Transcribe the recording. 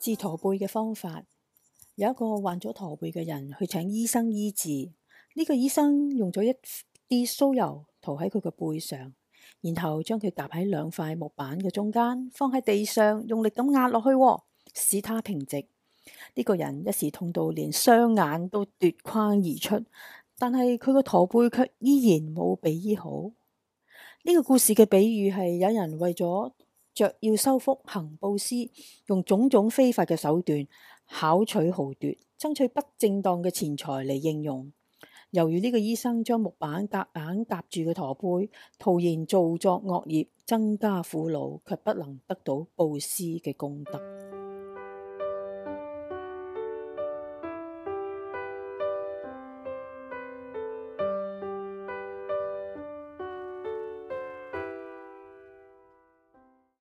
治駝背嘅方法，有一個患咗駝背嘅人去請醫生醫治。呢個醫生用咗一啲酥油塗喺佢個背上，然後將佢夾喺兩塊木板嘅中間，放喺地上用力咁壓落去，使他平直。呢個人一時痛到連雙眼都奪眶而出，但係佢個駝背卻依然冇被醫好。呢個故事嘅比喻係有人為咗。着要修復行布施，用種種非法嘅手段巧取豪奪，爭取不正當嘅錢財嚟應用。由於呢個醫生將木板夾硬夾住個駝背，徒然造作惡業，增加苦惱，卻不能得到布施嘅功德。